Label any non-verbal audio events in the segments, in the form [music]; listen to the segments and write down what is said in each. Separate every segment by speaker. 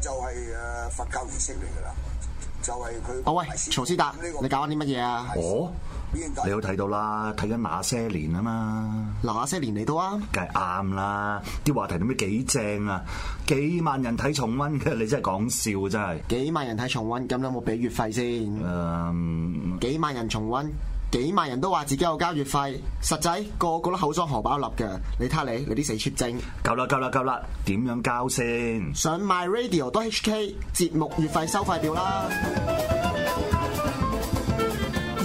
Speaker 1: 就係誒佛教儀式嚟噶啦，就係佢。啊喂，曹思達，你搞緊啲乜嘢啊？哦，你好睇到，到，到啦，睇緊那些年啊嘛？那些年嚟到啊？梗係啱啦，啲話題點解幾正啊？幾萬人睇重溫嘅，你真係講笑真係。幾萬人睇重溫，咁有冇俾月費先？誒、嗯，幾萬人重溫。幾萬人都話自己有交月費，實際個個個都口裝荷包粒嘅。你睇下你，你啲死出精。夠啦夠啦夠啦，點樣交先？上 myradio.hk 節目月費收費表啦。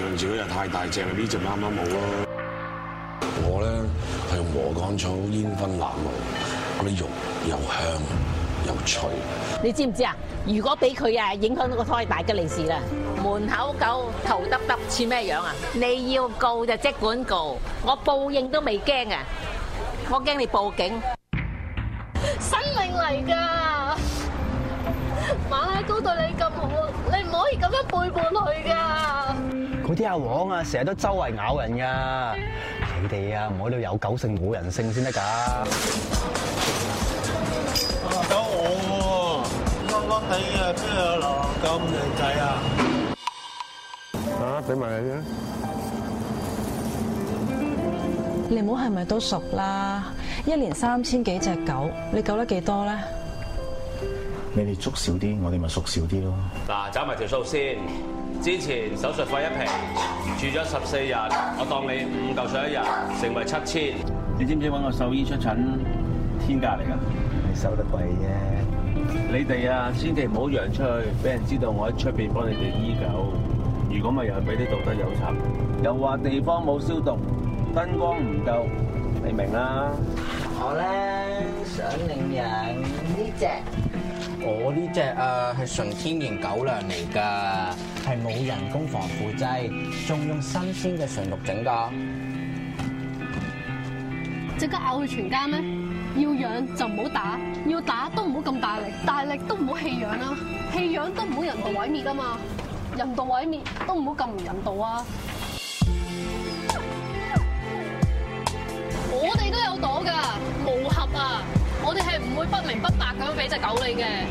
Speaker 2: 用自己又太大隻啦，呢隻啱啱好咯。我咧係用禾杆草煙燻臘燭，嗰啲肉又香又脆。
Speaker 3: 你知唔知啊？如果俾佢啊影響到個胎，大吉利是啦。門口狗頭耷耷似咩樣啊？你要告就即管告，我報應都未驚啊！我驚你報警，生命嚟㗎。馬拉糕對你咁好，你唔可以咁樣背叛佢㗎。
Speaker 1: 嗰啲阿黃啊，成日都周圍咬人噶，你哋啊，唔好都有狗性冇人性先得㗎。狗我，碌碌哋啊，邊有流浪狗咁靚仔啊？
Speaker 2: 啊，俾埋你啦。你
Speaker 3: 唔好係咪都熟啦？一
Speaker 1: 年三千幾隻狗，你救得幾多咧？你哋捉少啲，我哋咪縮少啲咯。嗱，走埋條數先。之前手術費一平，住咗十四日，我當你五嚿水一日，成為七千。你知唔知揾個獸醫出診天價嚟噶？你收得貴啫。你哋啊，千祈唔好揚出去，俾人知道我喺出邊幫你哋醫狗。如果咪又係俾啲道德有賊，又話地方冇消毒，燈光唔夠，你明啦。我咧想領養呢隻。我呢隻啊係純天然狗糧嚟噶，係冇人工防腐劑，仲用新鮮嘅純肉整噶。
Speaker 3: 即刻咬佢全家咩？要養就唔好打，要打都唔好咁大力，大力都唔好棄養啦，棄養都唔好人道毀滅啊嘛，人道毀滅都唔好咁唔人道啊。我哋都有朵噶，無盒啊！
Speaker 1: 我哋係唔會不明不白咁樣俾隻狗你嘅。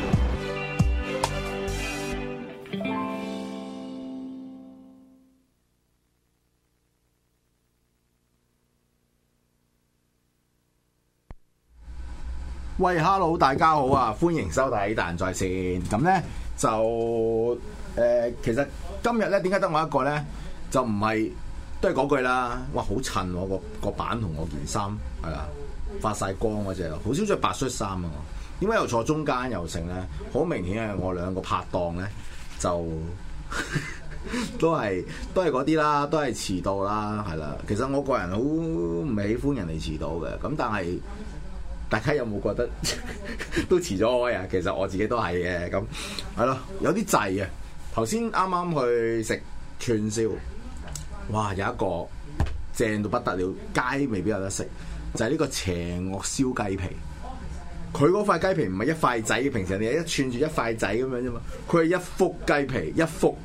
Speaker 1: 喂，Hello，大家好啊，歡迎收睇《達仁在線》呢。咁咧就誒、呃，其實今日咧，點解得我一個咧？就唔係都係嗰句啦。哇，好襯我、那個個版同我件衫係啦。發晒光嗰隻，好少着白恤衫啊！點解又坐中間又成咧？好明顯係我兩個拍檔咧，就 [laughs] 都係都係嗰啲啦，都係遲到啦，係啦。其實我個人好唔喜歡人哋遲到嘅，咁但係大家有冇覺得 [laughs] 都遲咗開啊？其實我自己都係嘅，咁係咯，有啲滯啊！頭先啱啱去食串燒，哇，有一個正到不得了，街未必有得食。就係呢個邪惡燒雞皮，佢嗰塊雞皮唔係一塊仔，平時你係一串住一塊仔咁樣啫嘛。佢係一幅雞皮，一幅，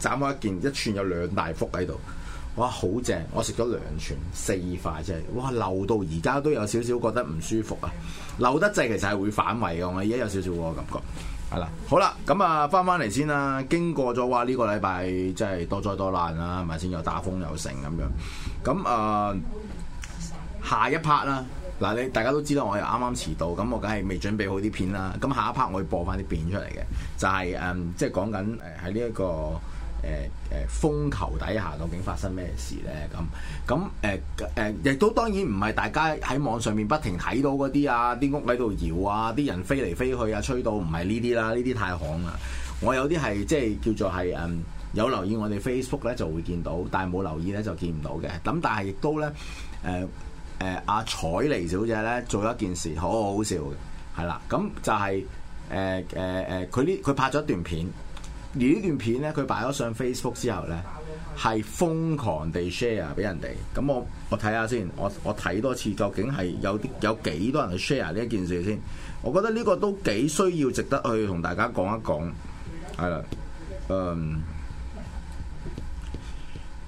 Speaker 1: 斬開一件，一串有兩大幅喺度。哇，好正！我食咗兩串四塊啫，哇，流到而家都有少少覺得唔舒服啊。流得滯其實係會反胃嘅，我而家有少少個感覺。係啦，好啦，咁啊，翻翻嚟先啦。經過咗哇，呢、呢個禮拜真係多災多難啦、啊，咪先又打風又成咁樣。咁啊～、呃下一 part 啦，嗱你大家都知道，我又啱啱遲到，咁我梗係未準備好啲片啦。咁下一 part 我會播翻啲片出嚟嘅，就係、是、誒、嗯，即係講緊誒喺呢一個誒誒、嗯、風球底下，究竟發生咩事咧？咁咁誒誒，亦、嗯嗯嗯、都當然唔係大家喺網上面不停睇到嗰啲啊，啲屋喺度搖啊，啲人飛嚟飛去啊，吹到唔係呢啲啦，呢啲太行啦。我有啲係即係叫做係誒、嗯、有留意我哋 Facebook 咧就會見到，但係冇留意咧就見唔到嘅。咁但係亦都咧誒。嗯誒阿、啊、采妮小姐呢，做一件事好好笑嘅，係啦，咁就係誒誒佢呢佢拍咗一段片，而呢段片呢，佢擺咗上 Facebook 之後呢，係瘋狂地 share 俾人哋，咁我我睇下先，我我睇多次究竟係有啲有幾多人去 share 呢一件事先，我覺得呢個都幾需要值得去同大家講一講，係啦，嗯。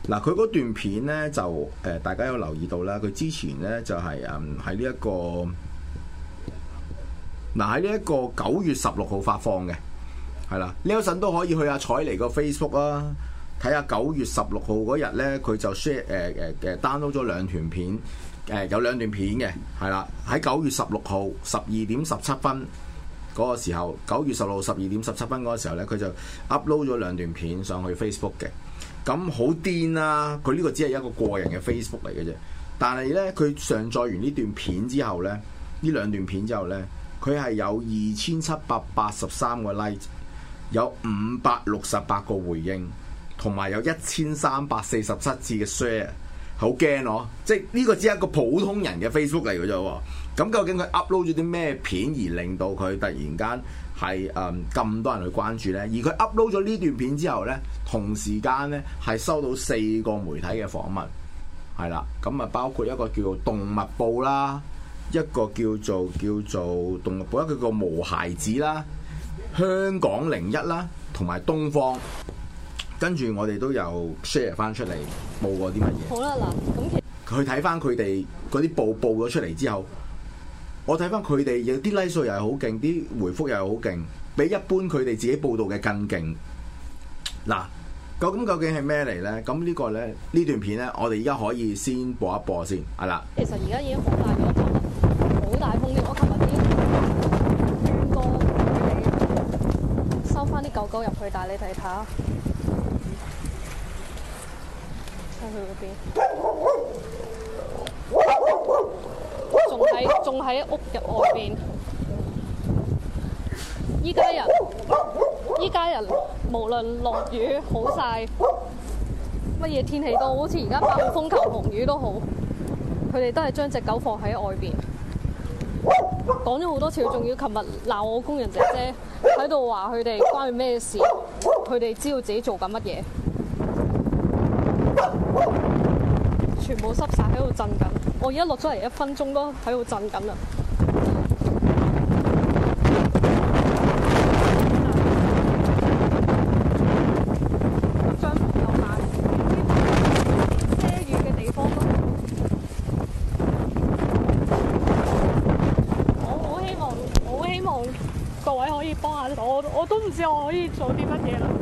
Speaker 1: 嗱，佢嗰段片呢，就誒、呃，大家有留意到啦。佢之前呢，就係誒喺呢一個，嗱喺呢一個九月十六號發放嘅，係啦。呢一陣都可以去阿、啊、采妮個 Facebook 啊，睇下九月十六號嗰日呢，佢就 share 誒、呃、誒 download、呃、咗兩段片，誒、呃、有兩段片嘅，係啦。喺九月十六號十二點十七分嗰個時候，九月十六號十二點十七分嗰個時候呢，佢就 upload 咗兩段片上去 Facebook 嘅。咁好癲啦！佢呢、啊、個只係一個個人嘅 Facebook 嚟嘅啫，但係呢，佢上載完呢段片之後呢，呢兩段片之後呢，佢係有二千七百八十三個 like，有五百六十八個回應，同埋有一千三百四十七次嘅 share。好驚哦、啊！即係呢個只係一個普通人嘅 Facebook 嚟嘅啫。咁究竟佢 upload 咗啲咩片而令到佢突然間，係誒咁多人去關注呢，而佢 upload 咗呢段片之後呢，同時間呢，係收到四個媒體嘅訪問，係啦，咁啊包括一個叫做動物報啦，一個叫做叫做動物報，一個叫個毛孩子啦，香港零一啦，同埋東方，跟住我哋都有 share 翻出嚟報過啲乜嘢。
Speaker 3: 好啦，嗱，咁
Speaker 1: 其實佢睇翻佢哋嗰啲報報咗出嚟之後。我睇翻佢哋有啲 like 數又係好勁，啲回覆又係好勁，比一般佢哋自己報道嘅更勁。嗱，究竟究竟係咩嚟呢？咁呢個呢呢段片呢，我哋而家可以先播一播先，係啦。其
Speaker 3: 實而家已經好大風，好大風添。我琴日已經捐多收翻啲狗狗入去，帶你睇下。係會唔會變？仲喺仲喺屋入外邊，依家人依家人無論落雨好晒，乜嘢天氣都好似而家發風球紅雨都好，佢哋都係將隻狗放喺外邊。講咗好多次，仲要琴日鬧我工人姐姐喺度話佢哋關佢咩事？佢哋知道自己做緊乜嘢？冇濕晒喺度震緊。我而家落咗嚟一分鐘都喺度震緊啦。震到我，啲遮雨嘅地方都。我好希望，我好希望各位可以幫下我，我都唔知我可以做啲乜嘢啦。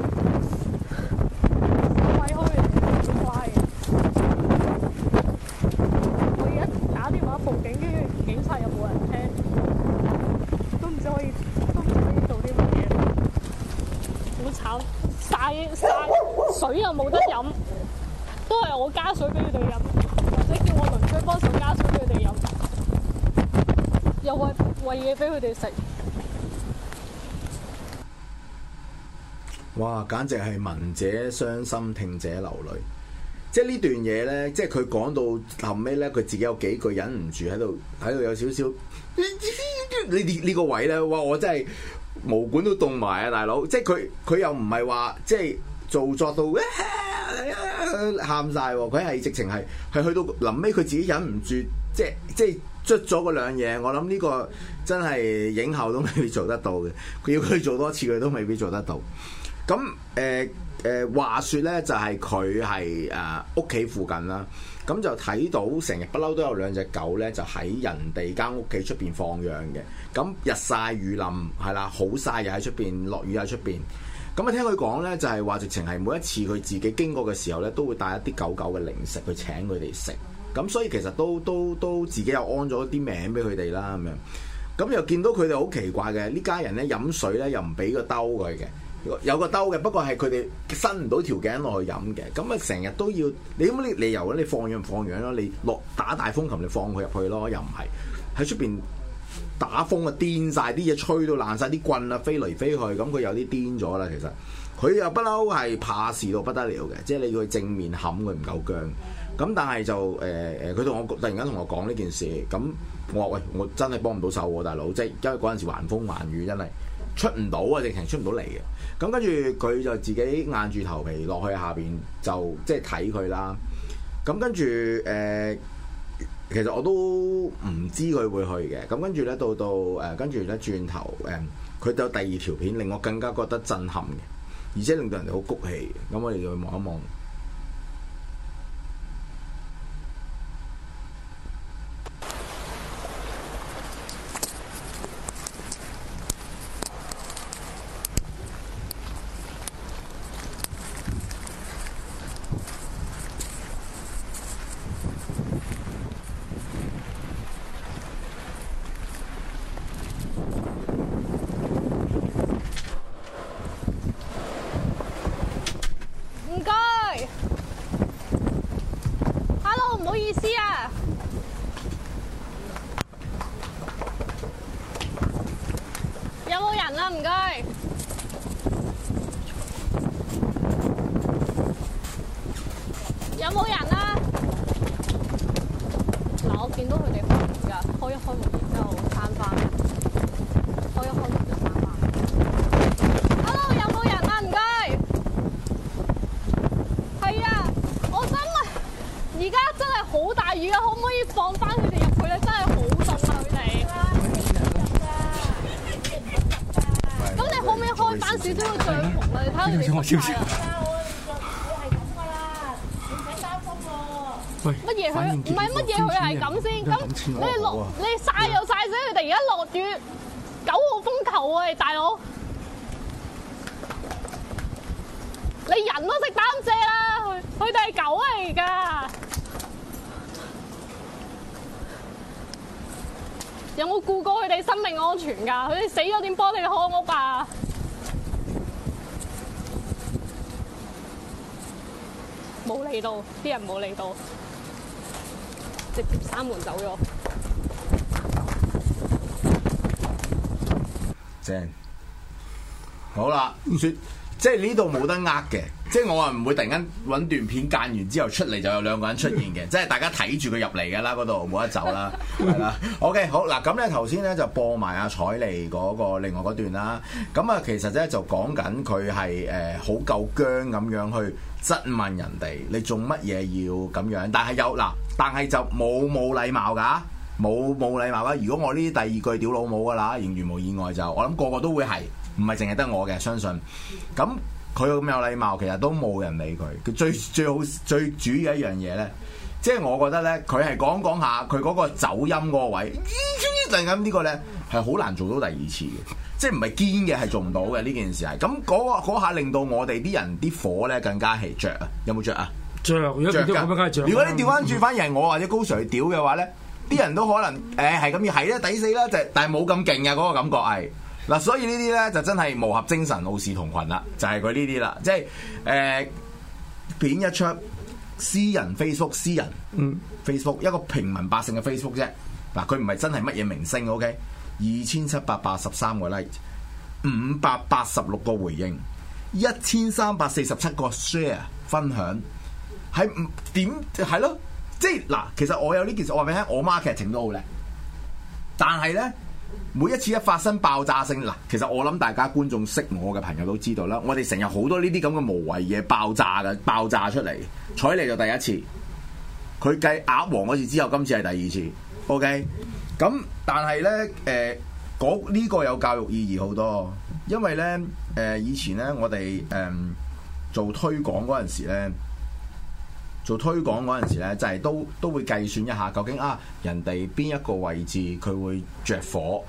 Speaker 3: 又餵餵
Speaker 1: 嘢俾佢哋食，哇！簡直係聞者傷心，聽者流淚。即係呢段嘢呢，即係佢講到後尾呢，佢自己有幾句忍唔住喺度，喺度有少少你呢呢個位呢？哇！我真係毛管都凍埋啊，大佬！即係佢佢又唔係話即係做作到喊晒喎，佢係直情係係去到臨尾，佢自己忍唔住，即係出咗嗰兩嘢，我諗呢個真係影后都未必做得到嘅。佢要佢做多次，佢都未必做得到。咁誒誒話説呢，就係佢係誒屋企附近啦。咁就睇到成日不嬲都有兩隻狗呢，就喺人哋間屋企出邊放養嘅。咁日曬雨淋係啦，好晒，又喺出邊，落雨又喺出邊。咁啊聽佢講呢，就係話直情係每一次佢自己經過嘅時候呢，都會帶一啲狗狗嘅零食去請佢哋食。咁、嗯、所以其實都都都自己又安咗啲名俾佢哋啦咁樣，咁又見到佢哋好奇怪嘅，呢家人呢，飲水呢又唔俾個兜佢嘅，有個兜嘅，不過係佢哋伸唔到條頸落去飲嘅，咁啊成日都要，你咁啲理由你放樣唔放樣咯，你落打大風琴，你放佢入去咯，又唔係喺出邊打風啊，癲晒啲嘢，吹到爛晒啲棍啦，飛嚟飛去，咁佢有啲癲咗啦，其實。佢又不嬲，係怕事到不得了嘅，即係你要去正面冚佢，唔夠僵咁。但係就誒誒，佢、呃、同我突然間同我講呢件事，咁我話：喂，我真係幫唔到手喎，大佬！即係因為嗰陣時橫風橫雨，真係出唔到啊，直情出唔到嚟嘅。咁跟住佢就自己硬住頭皮落去下邊，就即係睇佢啦。咁跟住誒，其實我都唔知佢會去嘅。咁跟住咧，到到誒，跟住咧轉頭誒，佢、呃、有第二條片令我更加覺得震撼嘅。而且令到人哋好谷氣，咁我哋就去望一望。
Speaker 3: 超少！落雨係咁噶㗎喇，唔使擔心喎。喂，乜嘢佢？唔係乜嘢佢係咁先？咁你落你曬又曬死佢哋，而家落雨九號風球啊！大佬，你人都識擔遮啦，佢哋係狗嚟㗎，有冇顧過佢哋生命安全㗎？佢哋死咗點幫你看屋啊？冇嚟到，啲人冇嚟到，直接閂門走咗。
Speaker 1: 正，好啦，唔算，即係呢度冇得呃嘅。即係我啊，唔會突然間揾段片間完之後出嚟就有兩個人出現嘅， [laughs] 即係大家睇住佢入嚟噶啦，嗰度冇得走啦，係 [laughs] 啦。O、okay, K，好嗱，咁咧頭先咧就播埋阿、啊、采妮嗰個另外嗰段啦。咁啊，其實咧就講緊佢係誒好夠薑咁樣去質問人哋你做乜嘢要咁樣，但係有嗱，但係就冇冇禮貌噶，冇冇禮貌啦。如果我呢啲第二句屌老母噶啦，仍如無意外就我諗個個都會係，唔係淨係得我嘅，相信咁。佢咁有禮貌，其實都冇人理佢。佢最最好最主要一樣嘢咧，即係我覺得咧，佢係講講下佢嗰個走音嗰個位，咦，突然間呢個咧係好難做到第二次嘅，即係唔係堅嘅係做唔到嘅呢件事係。咁嗰下令到我哋啲人啲火咧更加係着啊！有冇着啊？着如，如果你調翻轉翻係我或者高 Sir 去屌嘅話咧，啲人都可能誒係咁要，係咧，抵死啦，就但係冇咁勁嘅嗰個感覺係。嗱，所以呢啲呢，就真係毛俠精神，傲視同群啦，就係佢呢啲啦，即係誒片一出，私人 Facebook，私人 Facebook，嗯 Facebook，一個平民百姓嘅 Facebook 啫。嗱，佢唔係真係乜嘢明星，OK，二千七百八十三個 like，五百八十六個回應，一千三百四十七個 share 分享，喺點係咯？即係嗱，其實我有呢件事，我話俾你聽，我媽劇情都好叻，但係呢。每一次一發生爆炸性，嗱，其實我諗大家觀眾識我嘅朋友都知道啦。我哋成日好多呢啲咁嘅無謂嘢爆炸嘅爆炸出嚟，采妮就第一次。佢計鴨王嗰次之後，今次係第二次。OK，咁但係咧誒，呢、呃呢個有教育意義好多，因為呢誒、呃、以前呢，我哋誒做推廣嗰陣時咧，做推廣嗰陣時咧就係、是、都都會計算一下究竟啊人哋邊一個位置佢會着火。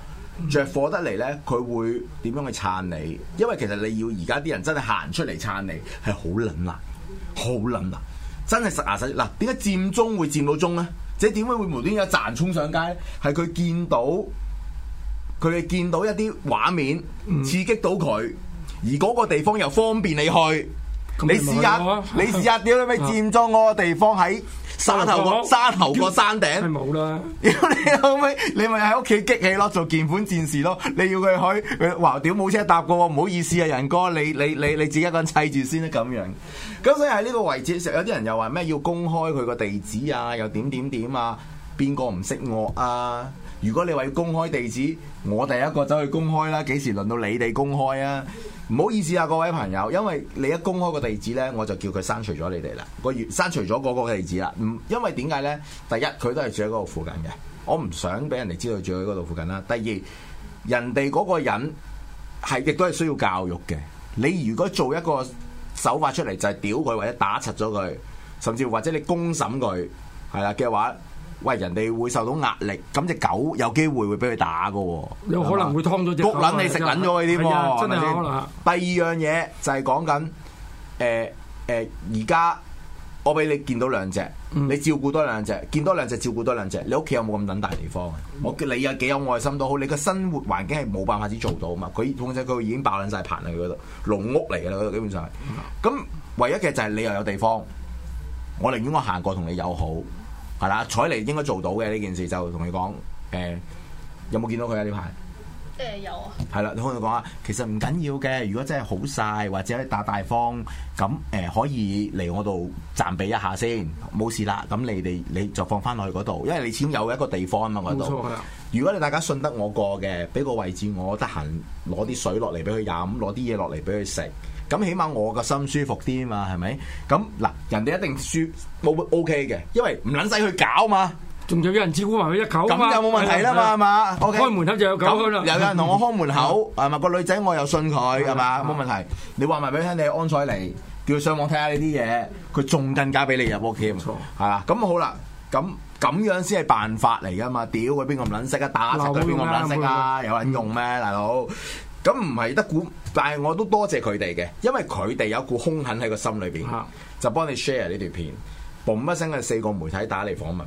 Speaker 1: 着火得嚟呢，佢會點樣去撐你？因為其實你要而家啲人真係行出嚟撐你係好撚難，好撚難，真係實牙實在。嗱，點解佔中會佔到中呢？即係點解會無端端有賺衝上街咧？係佢見到佢見到一啲畫面刺激到佢，而嗰個地方又方便你去。嗯、你試下， [laughs] 你試下點解咪佔中嗰個地方喺？沙頭角，沙頭角山頂冇啦，如果 [laughs] 你後尾你咪喺屋企激氣咯，做鍵盤戰士咯，你要佢去佢話屌冇車搭噶。唔好意思啊，仁哥，你你你你自己一個人砌住先啦咁樣。咁所以喺呢個位置，其實有啲人又話咩要公開佢個地址啊，又點點點啊，邊個唔識我啊？如果你話要公開地址，我第一個走去公開啦，幾時輪到你哋公開啊？唔好意思啊，各位朋友，因為你一公開個地址呢，我就叫佢刪除咗你哋啦，個月刪除咗嗰個地址啦。唔，因為點解呢？第一，佢都係住喺嗰度附近嘅，我唔想俾人哋知道佢住喺嗰度附近啦。第二，人哋嗰個人係亦都係需要教育嘅。你如果做一個手法出嚟就係屌佢或者打柒咗佢，甚至或者你公審佢，係啦嘅話。喂，人哋會受到壓力，咁隻狗有機會會俾佢打噶，有可能會劏咗隻狗冷，你食冷咗佢添，真係可能。第二樣嘢就係講緊，誒、呃、誒，而、呃、家我俾你見到兩隻，嗯、你照顧多兩隻，見多兩隻照顧多兩隻，你屋企有冇咁等大地方、嗯、我叫你啊，幾有愛心都好，你個生活環境係冇辦法子做到啊嘛。佢控制佢已經爆捻晒棚喺佢嗰度籠屋嚟噶啦，基本上。咁、嗯、唯一嘅就係你又有地方，我寧願我行過同你友好。係啦，彩嚟應該做到嘅呢件事，就同你講，誒、欸、有冇見到佢啊？呢排誒有啊，係啦，可以講下。其實唔緊要嘅，如果真係好晒，或者你打大風，咁誒、呃、可以嚟我度暫避一下先，冇事啦。咁你哋你，你就放翻落去嗰度，因為你始終有一個地方啊嘛，嗰度。如果你大家信得我過嘅，俾個位置我得閒攞啲水落嚟俾佢飲，攞啲嘢落嚟俾佢食。咁起碼我個心舒服啲啊嘛，係咪？咁嗱，人哋一定舒冇 OK 嘅，因為唔撚使去搞嘛，仲有有人照顧埋佢一嚿，咁就冇問題啦嘛，係嘛？開門口就有狗有人同我開門口係嘛？個女仔我又信佢係嘛？冇問題，你話埋俾佢聽，你安彩嚟叫佢上網睇下呢啲嘢，佢仲更加俾你入屋添，係嘛？咁好啦，咁咁樣先係辦法嚟噶嘛？屌佢邊個唔撚識啊？打成對邊個唔撚識啊？有撚用咩，大佬？咁唔係得估，但係我都多謝佢哋嘅，因為佢哋有一股兇狠喺個心裏邊，就幫你 share 呢段片，嘣一聲嘅四個媒體打嚟訪問，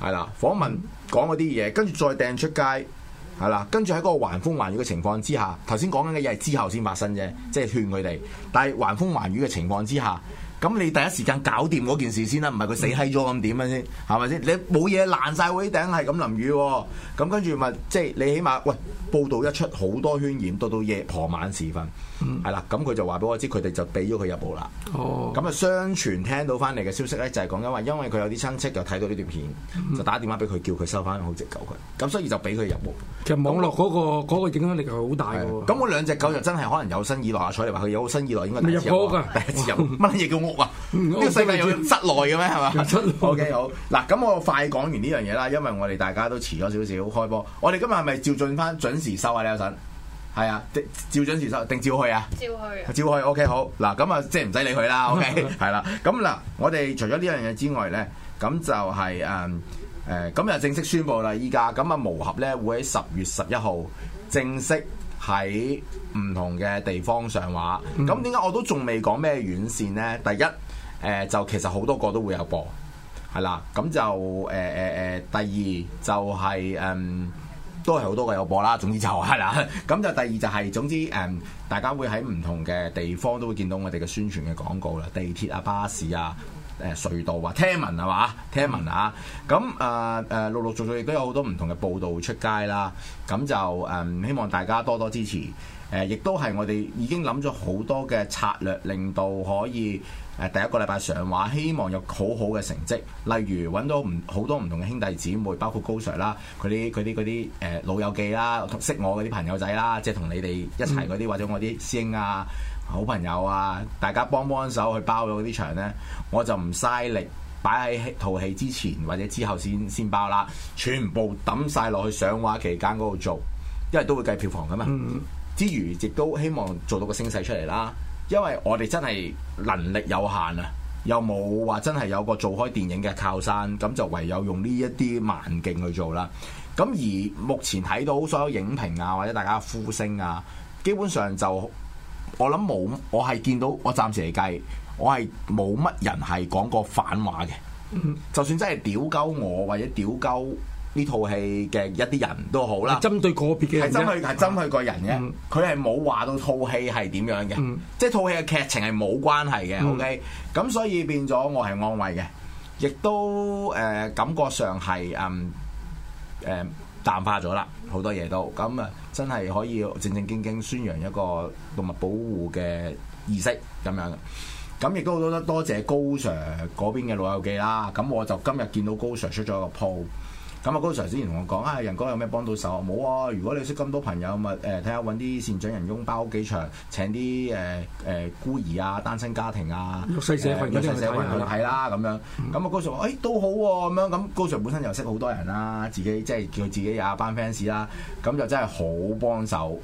Speaker 1: 係啦，訪問講嗰啲嘢，跟住再掟出街，係啦，跟住喺嗰個橫風橫雨嘅情況之下，頭先講緊嘅嘢係之後先發生啫，即係勸佢哋，但係橫風橫雨嘅情況之下。咁你第一時間搞掂嗰件事先啦，唔係佢死閪咗咁點啊先，係咪先？你冇嘢爛晒嗰啲頂，係咁淋雨喎、哦。咁跟住咪即係你起碼，喂、嗯，報道一出好多渲染，到到夜傍晚時分，係啦。咁佢就話俾我知，佢哋就俾咗佢入屋啦。哦。咁、哦、啊，相傳聽到翻嚟嘅消息咧，就係講因為因為佢有啲親戚就睇到呢段片，就打電話俾佢叫佢收翻好隻狗佢。咁所以就俾佢入屋。其實網絡嗰
Speaker 2: 個影響、那個、力係好大喎。
Speaker 1: 咁我兩隻狗就真係可能有生以來采妮，話、啊、佢有生以來應該。未入過第一次入。乜嘢哇 叫？屋啊，呢、呢個世界有室內嘅咩？係嘛？O K，好嗱，咁我快講完呢樣嘢啦，因為我哋大家都遲咗少少開波。我哋今日係咪照準翻準時收啊？李友臣，係啊，照準時收定照去啊？
Speaker 3: 照去、啊、
Speaker 1: 照去。O、okay, K，好嗱，咁啊，即係唔使理佢啦。O K，係啦。咁嗱，我哋除咗呢樣嘢之外咧，咁就係誒誒，咁、嗯、又、呃、正式宣布啦！依家咁啊，無合咧會喺十月十一號正式。喺唔同嘅地方上畫，咁點解我都仲未講咩院線呢？第一，誒、呃、就其實好多個都會有播，係啦。咁就誒誒誒，第二就係、是、誒、嗯，都係好多個有播啦。總之就係、是、啦。咁就第二就係、是、總之誒、嗯，大家會喺唔同嘅地方都會見到我哋嘅宣傳嘅廣告啦，地鐵啊、巴士啊。誒隧道啊，聽聞係嘛？聽聞、嗯、啊，咁誒誒陸陸續續亦都有好多唔同嘅報道出街啦。咁就誒、嗯、希望大家多多支持。誒、呃，亦都係我哋已經諗咗好多嘅策略，令到可以誒、呃、第一個禮拜上話，希望有好好嘅成績。例如揾到唔好多唔同嘅兄弟姐妹，包括高 Sir 啦，佢啲啲啲誒老友記啦，識我嗰啲朋友仔啦，即係同你哋一齊嗰啲，嗯、或者我啲師兄啊。好朋友啊，大家幫幫手去包咗嗰啲場呢，我就唔嘥力擺喺套戲之前或者之後先先包啦。全部抌晒落去上畫期間嗰度做，因為都會計票房噶嘛。嗯、之餘亦都希望做到個聲勢出嚟啦。因為我哋真係能力有限啊，又冇話真係有個做開電影嘅靠山，咁就唯有用呢一啲慢勁去做啦。咁而目前睇到所有影評啊，或者大家呼聲啊，基本上就～我諗冇，我係見到，我暫時嚟計，我係冇乜人係講過反話嘅。就算真係屌鳩我，或者屌鳩呢套戲嘅一啲人都好啦。針對個別嘅人係針對係針對個人嘅，佢係冇話到套戲係點樣嘅，即係套戲嘅劇情係冇關係嘅。OK，咁所以變咗我係安慰嘅，亦都誒感覺上係嗯誒。淡化咗啦，好多嘢都咁啊，真係可以正正經經宣揚一個動物保護嘅意識咁樣。咁亦都好多多謝高 Sir 嗰邊嘅老友記啦。咁我就今日見到高 Sir 出咗個 po 咁啊，高 Sir 之前同我講啊，仁哥有咩幫到手？冇啊！如果你識咁多朋友，咪誒睇下揾啲善長人翁包幾場，請啲誒誒孤兒啊、單身家庭啊，弱、呃、勢社會嘅一啲社會人士，係啦咁樣。咁、嗯哎、啊，高 Sir 話誒都好喎，咁樣咁高 Sir 本身又識好多人啦，自己即係叫自己啊，班 fans 啦，咁就真係好幫手，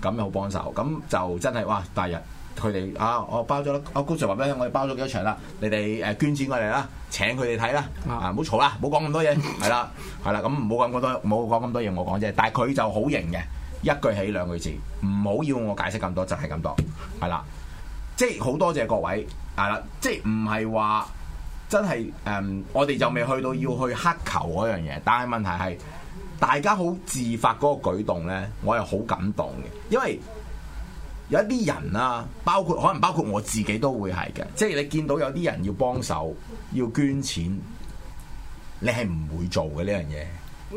Speaker 1: 咁又好幫手，咁就真係哇，第日。佢哋啊，我包咗啦。阿高 Sir 話咩？我哋包咗幾多場啦？你哋誒捐錢過嚟啦，請佢哋睇啦。啊，唔好嘈啦，唔好講咁多嘢，係啦， [laughs] 係、嗯、啦。咁唔好講咁多，唔好講咁多嘢，我講啫。但係佢就好型嘅，一句起兩句字，唔好要我解釋咁多，就係、係、咁多，係啦。即係好多謝各位，係啦，即係唔係話真係誒、嗯？我哋就未去到要去乞求嗰樣嘢，但係問題係大家好自發嗰個舉動咧，我又好感動嘅，因為。有一啲人啊，包括可能包括我自己都會係嘅，即係你見到有啲人要幫手、要捐錢，你係唔會做嘅呢樣嘢。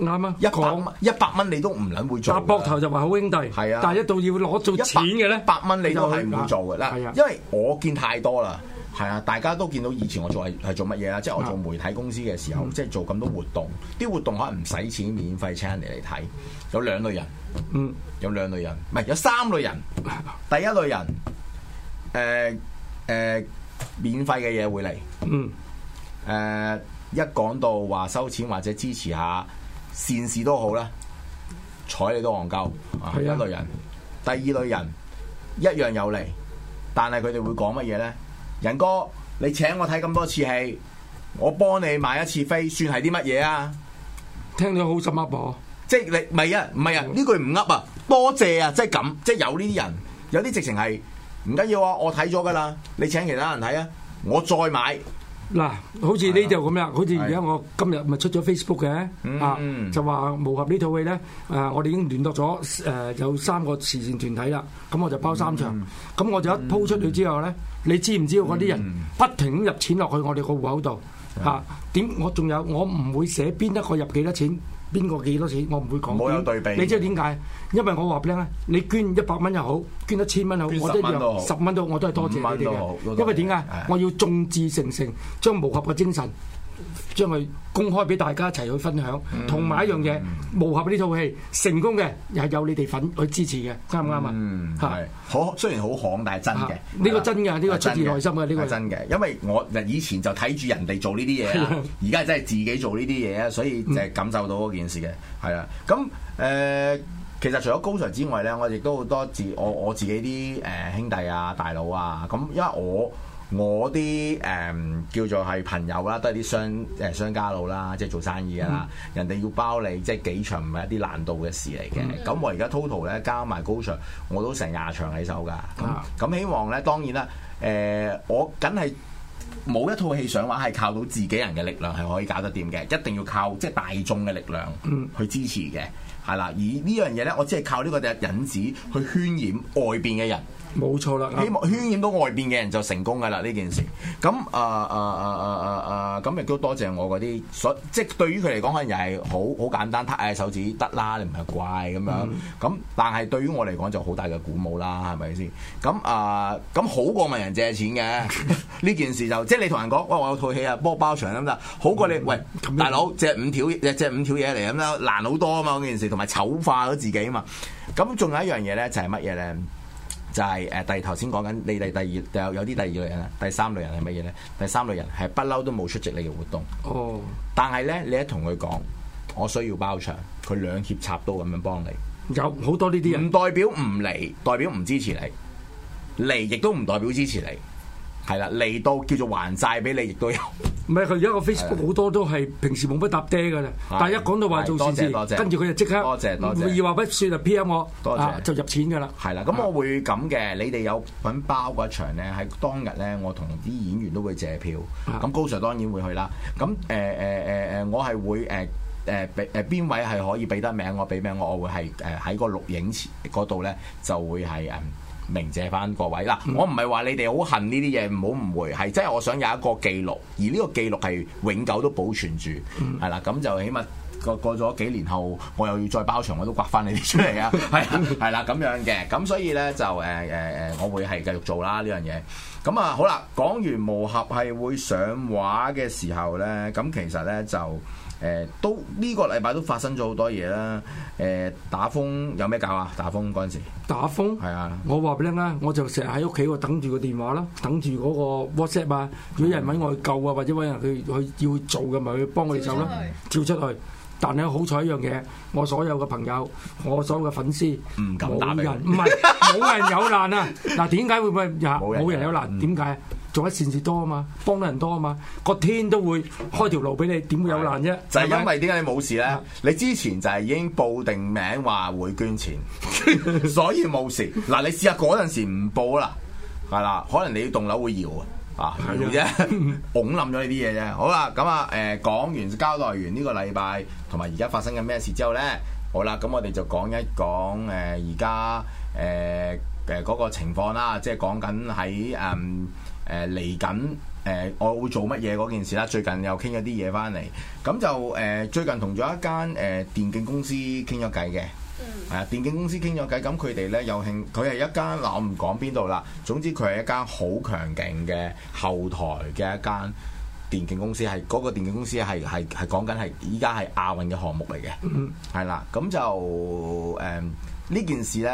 Speaker 1: 啱啊，一講一百蚊你都唔撚會做，搭膊頭就話好兄弟，係啊，但係一到要攞做錢嘅咧，百蚊你都係唔會做嘅啦，因為我見太多啦。係啊，大家都見到以前我做係係做乜嘢啦？的即係我做媒體公司嘅時候，嗯、即係做咁多活動，啲活動可能唔使錢，免費請人哋嚟睇。有兩類人，嗯、有兩類人，唔係有三類人。第一類人，誒、呃、誒、呃，免費嘅嘢會嚟。嗯。誒、呃，一講到話收錢或者支持下善事都好啦，睬你都戇鳩。係的啊。一類人。第二類人一樣有嚟，但係佢哋會講乜嘢咧？仁哥，你請我睇咁多次戲，我幫你買一次飛，算係啲乜嘢啊？聽到好心噏噃，即係你唔係啊，唔係啊，呢、嗯、句唔噏啊！多謝啊！即係咁，即係有呢啲人，有啲直情係唔緊要啊！我睇咗噶啦，你請其他人睇啊，我再買。嗱，好似呢就咁
Speaker 2: 啦，好似而家我今日咪出咗 Facebook 嘅，啊，就話毛俠呢套戲咧，誒，我哋已經聯絡咗誒、呃、有三個慈善團體啦，咁我就包三場，咁、嗯、我就一鋪出去之後咧，嗯、你知唔知嗰啲人不停咁入錢落去我哋個戶口度，嚇、嗯？點我仲有？我唔會寫邊一個入幾多錢。邊個幾多錢？我唔會講。冇有對比。你知點解？因為我話俾你聽啊，你捐一百蚊又好，捐一千蚊又好，我都用十蚊都我都係多謝你哋嘅。因為點解？哎、呀 我要眾志成城，將無合嘅精神。將佢公開俾大家一齊去分享，嗯、同埋一樣嘢，毛俠呢套戲
Speaker 1: 成功嘅，係有你哋份去支持嘅，啱唔啱啊？係好吧，雖然好響，但係真嘅。呢、啊、吧個真嘅，呢、這個出自內心嘅，呢個真嘅。因為我以前就睇住人哋做呢啲嘢，而家真係自己做呢啲嘢啊，所以就感受到嗰件事嘅，係啦。咁誒、呃，其實除咗高 Sir 之外咧，我亦都好多自我我自己啲誒兄弟啊、大佬啊，咁因為我。我啲誒、嗯、叫做係朋友啦，都係啲商誒商家佬啦，即係做生意噶啦。嗯、人哋要包你即係幾場唔係一啲難度嘅事嚟嘅。咁、嗯、我而家 total 咧加埋高場，我都成廿場喺手噶。咁咁、嗯、希望咧，當然啦，誒、呃、我梗係冇一套戲想玩，係靠到自己人嘅力量係可以搞得掂嘅。一定要靠即係、就是、大眾嘅力量去支持嘅，係啦、嗯。而呢樣嘢咧，我只係靠呢個引子去渲染外邊嘅人。冇錯啦，希望渲染到外邊嘅人就成功噶啦呢件事。咁啊啊啊啊啊咁，亦都多謝我嗰啲，所即係對於佢嚟講可能又係好好簡單，拍下手指得啦，你唔係怪咁樣。咁但係對於我嚟講就好大嘅鼓舞啦，係咪先？咁啊咁好過問人借錢嘅呢 [laughs] 件事就，即係你同人講，喂、哎、我有套戲啊，幫我包場得唔得？好過你、嗯、喂這樣 大佬借五條，借五條嘢嚟咁啦，難好多啊嘛呢件事呢，同埋醜化咗自己啊嘛。咁仲有一樣嘢咧，就係乜嘢咧？就係誒，第頭先講緊，你哋第二有啲第二類人啦，第三類人係乜嘢呢？第三類人係不嬲都冇出席你嘅活動。哦，oh. 但係呢，你一同佢講，我需要包場，佢兩肋插刀咁樣幫你。有好多呢啲人，唔代表唔嚟，代表唔支持你嚟，亦都唔代表支持你。係啦，嚟到叫做還債俾你，亦都有。唔係佢而家個 Facebook
Speaker 2: 好的多都係平時冇乜搭爹噶啦，的但係一講到話做善事，跟住佢
Speaker 1: 就即刻，多謝多謝，二話不説就 PM 我，啊謝就入錢噶啦。係啦，咁我會咁嘅。的你哋有份包嗰場咧，喺當日咧，我同啲演員都會借票。咁的高 Sir 當然會去啦。咁誒誒誒誒，我係會誒誒俾誒邊位係可以俾得名，我俾名我，我會係誒喺個錄影嗰度咧就會係誒。明謝翻各位嗱，我唔係話你哋好恨呢啲嘢，唔好誤會，係即係我想有一個記錄，而呢個記錄係永久都保存住，係啦、嗯，咁就起碼過過咗幾年後，我又要再包場，我都刮翻你哋出嚟啊，係啊，係啦，咁樣嘅，咁所以呢，就誒誒誒，我會係繼續做啦呢樣嘢，咁啊好啦，講完毛俠係會上畫嘅時候呢。咁其實呢，就。誒、呃、都呢、這個禮拜都發生咗好多嘢啦！誒打風有咩搞啊？打風嗰陣時打風係風啊！我話俾你聽啦，我就成日喺屋企
Speaker 2: 度等住個電話啦，等住嗰個 WhatsApp 啊，如果有人揾我去救啊，或者揾人去，去要做嘅，咪去幫我哋做啦，跳出，跳出去。但係好彩一樣嘢，我所有嘅朋友，我所有嘅粉絲，冇、嗯、人唔係冇人有難啊！嗱，點解會唔係冇人有難點解？做啲善事多啊嘛，幫到人多啊嘛，個天都會
Speaker 1: 開條路俾你，點會有難啫？就係、是、因為點解你冇事咧？的你之前就係已經報定名話會捐錢， [laughs] 所以冇事。嗱，你試下嗰陣時唔報啦，係啦，可能你棟樓會搖啊，係啫的，拱冧咗呢啲嘢啫。好啦，咁啊誒講完交代完呢個禮拜同埋而家發生緊咩事之後咧，好啦，咁我哋就講一講誒而家誒嘅嗰個情況啦，即係講緊喺誒。嗯誒嚟緊誒，我會做乜嘢嗰件事啦？最近又傾咗啲嘢翻嚟，咁就誒、呃、最近同咗一間誒、呃、電競公司傾咗偈嘅，係、嗯、啊電競公司傾咗偈，咁佢哋呢，有興，佢係一間我唔講邊度啦，總之佢係一間好強勁嘅後台嘅一間電競公司，係嗰、那個電競公司係係係講緊係依家係亞運嘅項目嚟嘅，係啦、嗯，咁就誒呢、呃、件事呢。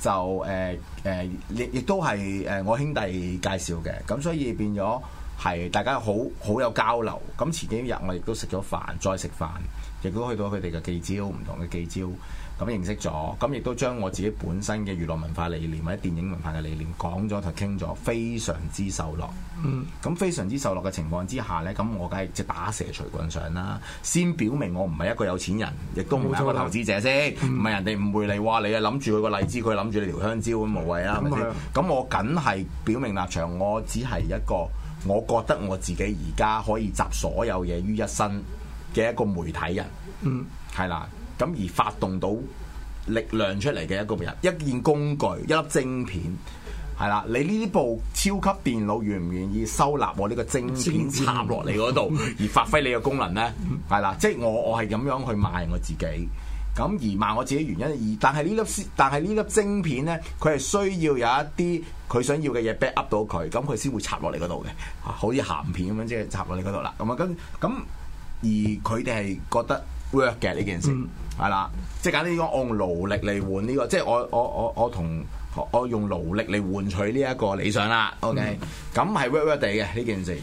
Speaker 1: 就誒誒、呃呃，亦亦都係誒我兄弟介紹嘅，咁所以變咗。係，大家好好有交流。咁前幾日我亦都食咗飯，再食飯，亦都去到佢哋嘅記招，唔同嘅記招，咁認識咗。咁亦都將我自己本身嘅娛樂文化理念或者電影文化嘅理念講咗同傾咗，非常之受落。咁、嗯、非常之受落嘅情況之下呢，咁我梗係即打蛇隨棍上啦。先表明我唔係一個有錢人，亦都冇一個投資者先，唔係人哋唔會嚟話你呀，諗住佢個荔枝，佢諗住你條香蕉咁無謂啦，係咁我緊係表明立場，我只係一個。我覺得我自己而家可以集所有嘢於一身嘅一個媒體人，嗯，係啦，咁而發動到力量出嚟嘅一個人，一件工具，一粒晶片，係啦，你呢部超級電腦願唔願意收納我呢個晶片插落你嗰度， [laughs] 而發揮你嘅功能呢？係啦、嗯，即係我我係咁樣去賣我自己。咁而問我自己原因，而但係呢粒絲，但係呢粒晶片咧，佢係需要有一啲佢想要嘅嘢 back up 到佢，咁佢先會插落嚟嗰度嘅，好似鹹片咁樣即係插落嚟嗰度啦。咁啊，咁咁而佢哋係覺得 work 嘅呢件事，係啦，即係簡單啲講，用勞力嚟換呢個，即係我我我我同我用勞力嚟換取呢一個理想啦。OK，咁係 work work 地嘅呢件事。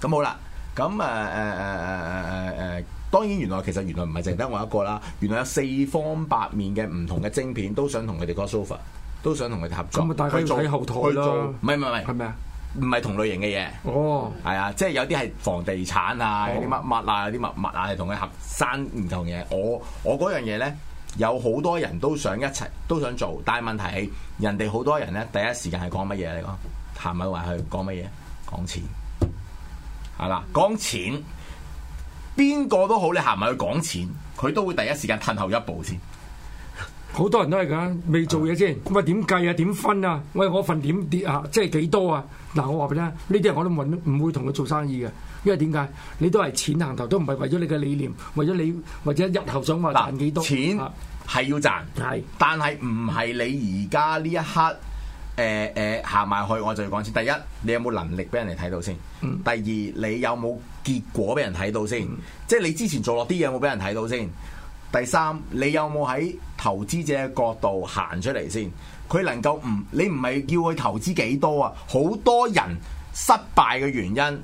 Speaker 1: 咁好啦，咁誒誒誒誒誒誒誒。當然，原來其實原來唔係淨得我一個啦，原來有四方八面嘅唔同嘅晶片都想同佢哋 cross over 都想同佢哋合作。咁啊，但係佢做後台咯。唔係唔係唔係，係咩啊？唔係同類型嘅嘢。哦，係啊，即係有啲係房地產啊、oh.，有啲乜物啊，有啲物物啊，係同佢合生唔同嘢。我我嗰樣嘢咧，有好多人都想一齊都想做，但係問題係人哋好多人咧第一時間係講乜嘢你講？係咪話佢講乜嘢？講錢係啦，講錢。邊個都好，你行埋去講錢，佢都會第一時間褪後一步先。
Speaker 2: 好多人都係咁，未做嘢先。喂，點計啊？點分啊？喂，我份點跌啊？即係幾多啊？嗱、啊，我話俾你聽，呢啲人我都唔會同佢做生意嘅，因為點解？你都係錢行頭，都唔係為咗你嘅理念，為咗你或者日
Speaker 1: 後想話賺幾多、啊、錢係、啊、要賺，係是，但係唔係你而家呢一刻。誒行埋去，我就要講先。第一，你有冇能力俾人哋睇到先？第二，你有冇結果俾人睇到先？即係你之前做落啲嘢有冇俾人睇到先？第三，你有冇喺投資者嘅角度行出嚟先？佢能夠唔？你唔係叫佢投資幾多啊？好多人失敗嘅原因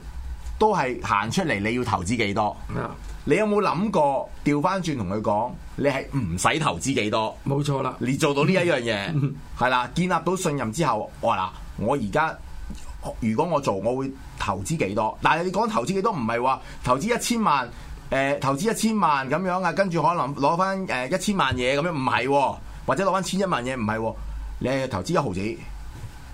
Speaker 1: 都係行出嚟，你要投資幾多？Yeah. 你有冇諗過調翻轉同佢講？你係唔使投資幾多？冇錯啦！你做到呢一樣嘢，係啦， [laughs] 建立到信任之後，我啦，我而家如果我做，我會投資幾多？但係，你講投資幾多唔係話投資一千萬？誒、欸，投資一千萬咁樣啊？跟住可能攞翻誒一千萬嘢咁樣？唔係、哦，或者攞翻千一萬嘢？唔係、哦，你係投資一毫子，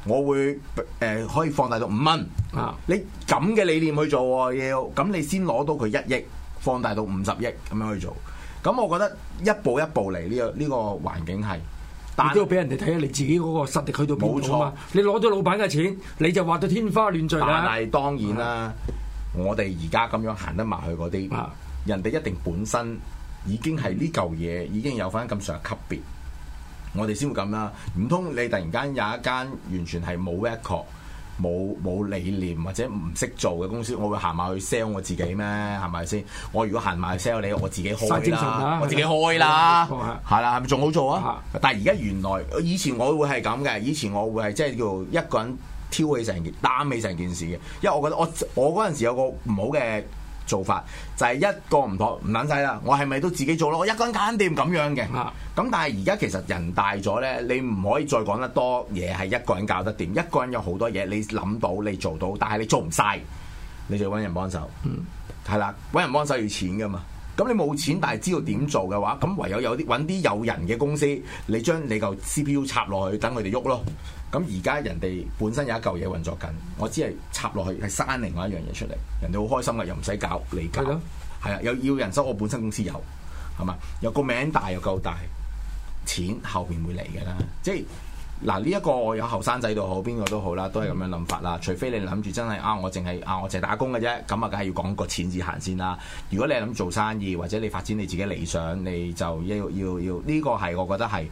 Speaker 1: 我會誒、欸、可以放大到五蚊啊！你咁嘅理念去做，要咁你先攞到佢一億。放大到五十億咁樣去做，咁我覺得一步一步嚟，呢個呢個環境係，但你都要俾人哋睇下你自己嗰個實力去到邊。冇錯啊！你攞咗老闆嘅錢，你就話到天花亂墜啦！但係當然啦，啊、我哋而、啊、家咁樣行得埋去嗰啲，人哋一定本身已經係呢嚿嘢已經有翻咁上下級別，我哋先會咁啦。唔通你突然間有一間完全係冇 record 冇冇，理念或者唔識做嘅公司，我會行埋去 sell 我自己咩？係咪先？我如果行埋去 sell 你，我自己開啦，啊、我自己開啦，係啦的，係咪仲好做啊？的但係而家原來以前我會係咁嘅，以前我會係即係叫一個人挑起成件擔起成件事嘅，因為我覺得我我嗰陣時有個唔好嘅。做法就係一個唔妥唔撚晒啦。我係咪都自己做咯？我一個人間店咁樣嘅咁，但係而家其實人大咗呢，你唔可以再講得多嘢係一個人搞得掂。一個人有好多嘢你諗到你做到，但係你做唔晒。你就要揾人幫手。嗯，係啦，揾人幫手要錢噶嘛。咁你冇錢，但係知道點做嘅話，咁唯有有啲揾啲有人嘅公司，你將你個 CPU 插落去，等佢哋喐咯。咁而家人哋本身有一嚿嘢運作緊，我只係插落去，係生另外一樣嘢出嚟。人哋好開心嘅，又唔使搞你搞。係咯的，係啊，有要人收，我本身公司有，係嘛？有個名大又夠大，錢後邊會嚟嘅啦。即係嗱，呢一個我有後生仔都好，邊個都好啦，都係咁樣諗法啦。除非你諗住真係啊，我淨係啊，我淨係打工嘅啫，咁啊，梗係要講個錢字行先啦。如果你係諗做生意或者你發展你自己理想，你就要要要呢個係我覺得係誒、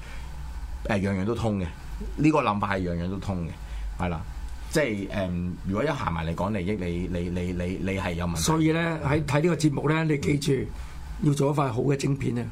Speaker 1: 呃、樣樣樣都通嘅。呢個諗法係樣樣都通嘅，係啦，即係誒，如果一行埋嚟講利益，你你你你你係有問題。所以咧，喺睇
Speaker 2: 呢個節目咧，你記住要做一塊好嘅晶片啊，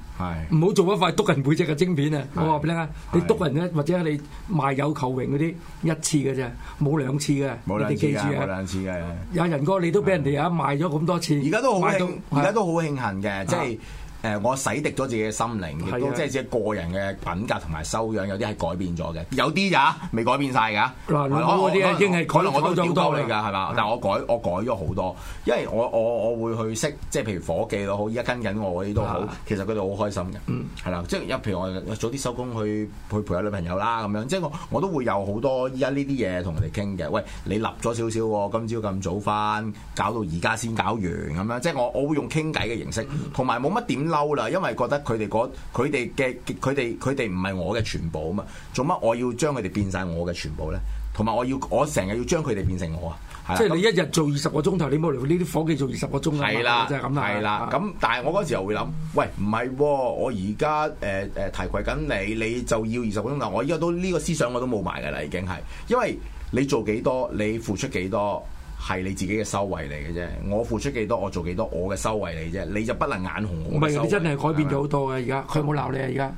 Speaker 2: 係唔好做一塊篤人背脊嘅晶片啊。我話俾你聽啊，你篤人咧，或者你賣友求榮嗰啲一次嘅啫，冇兩次嘅。冇，你記住啊！冇兩
Speaker 1: 次嘅。
Speaker 2: 阿仁哥，你都俾人哋啊賣咗咁多次，而家都好慶，而家
Speaker 1: 都好慶幸嘅，即係。誒，我洗滌咗自己嘅心靈，亦都即係自己個人嘅品格同埋修養，有啲係改變咗嘅。有啲咋，未改變晒㗎。嗱，我我啲已經係可能我都仲多㗎，係嘛？的但係我改我改咗好多，因為我我我會去識，即係譬如夥計都好依家跟緊我嗰啲都好，好的其實佢哋好開心嘅。嗯的，係啦，即係譬如我早啲收工去去陪下女朋友啦，咁樣即係我我都會有好多依家呢啲嘢同佢哋傾嘅。喂，你立咗少少喎，今朝咁早返，搞到而家先搞完咁樣，即係我我會用傾偈嘅形式，同埋冇乜點。嬲啦，因為覺得佢哋佢哋嘅佢哋佢哋唔係我嘅全部啊嘛，做乜我要將佢哋變晒我嘅全部咧？同埋我要我成日要將佢哋變成我啊！我我我即係你一日做二十個鐘頭，你冇理由呢啲夥計做二十個鐘啊嘛，就係咁係啦，咁但係我嗰時候會諗，喂，唔係，我而家誒誒提攜緊你，你就要二十個鐘頭。我而家都呢、這個思想我都冇埋噶啦，已經係，因為你做幾多，你付出幾多。係你自己嘅修為嚟嘅啫，我付出幾多，我做幾多，我嘅修為嚟啫。你就不能眼紅我。唔係，你真
Speaker 2: 係改變咗好多嘅，而家，佢冇鬧你啊！而家。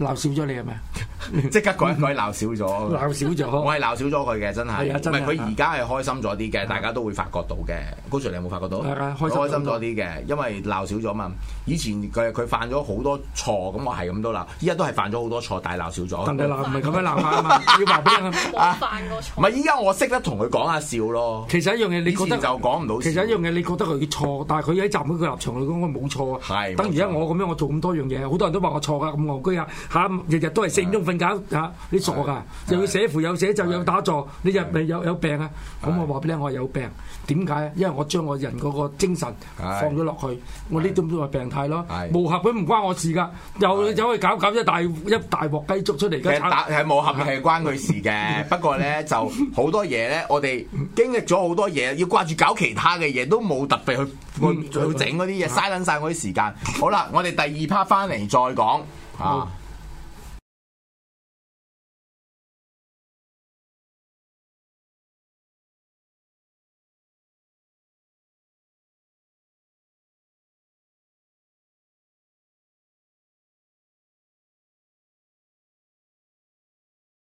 Speaker 2: 鬧少咗你係咪？
Speaker 1: 即刻嗰唔可以鬧少咗。鬧少咗，我係鬧少咗佢嘅真係。唔係佢而家係開心咗啲嘅，大家都會發覺到嘅。高 Sir，你有冇發覺到？係啊，開開心咗啲嘅，因為鬧少咗嘛。以前佢犯咗好多錯，咁我係咁多鬧。依家都係犯咗好多錯，但係鬧少咗。咁你鬧唔係咁樣鬧啊嘛？要話俾人啊，犯過錯。
Speaker 2: 唔係依家我
Speaker 1: 識得同佢講下笑咯。其實一樣嘢，以前就講唔到。其實一
Speaker 2: 樣嘢，你覺得佢嘅錯，但係佢喺站喺佢立場嚟講，我冇錯。等而家我咁樣，我做咁多樣嘢，好多人都話我錯㗎，咁戇居。嚇！日日都係四點鐘瞓覺嚇，你傻噶！又要寫符，又寫咒，又打坐，你入嚟有有病啊？咁我話俾你聽，我有病。點解？因為我將我人嗰個精神放咗落去，我呢都係病態咯。無合佢唔關我事噶，又走去搞搞，即大
Speaker 1: 一大鑊雞粥出嚟。係打冇無合，係關佢事嘅。不過咧，就好多嘢咧，我哋經歷咗好多嘢，要掛住搞其他嘅嘢，都冇特別去去整嗰啲嘢，嘥撚晒我啲時間。好啦，我哋第二 part 翻嚟再講嚇。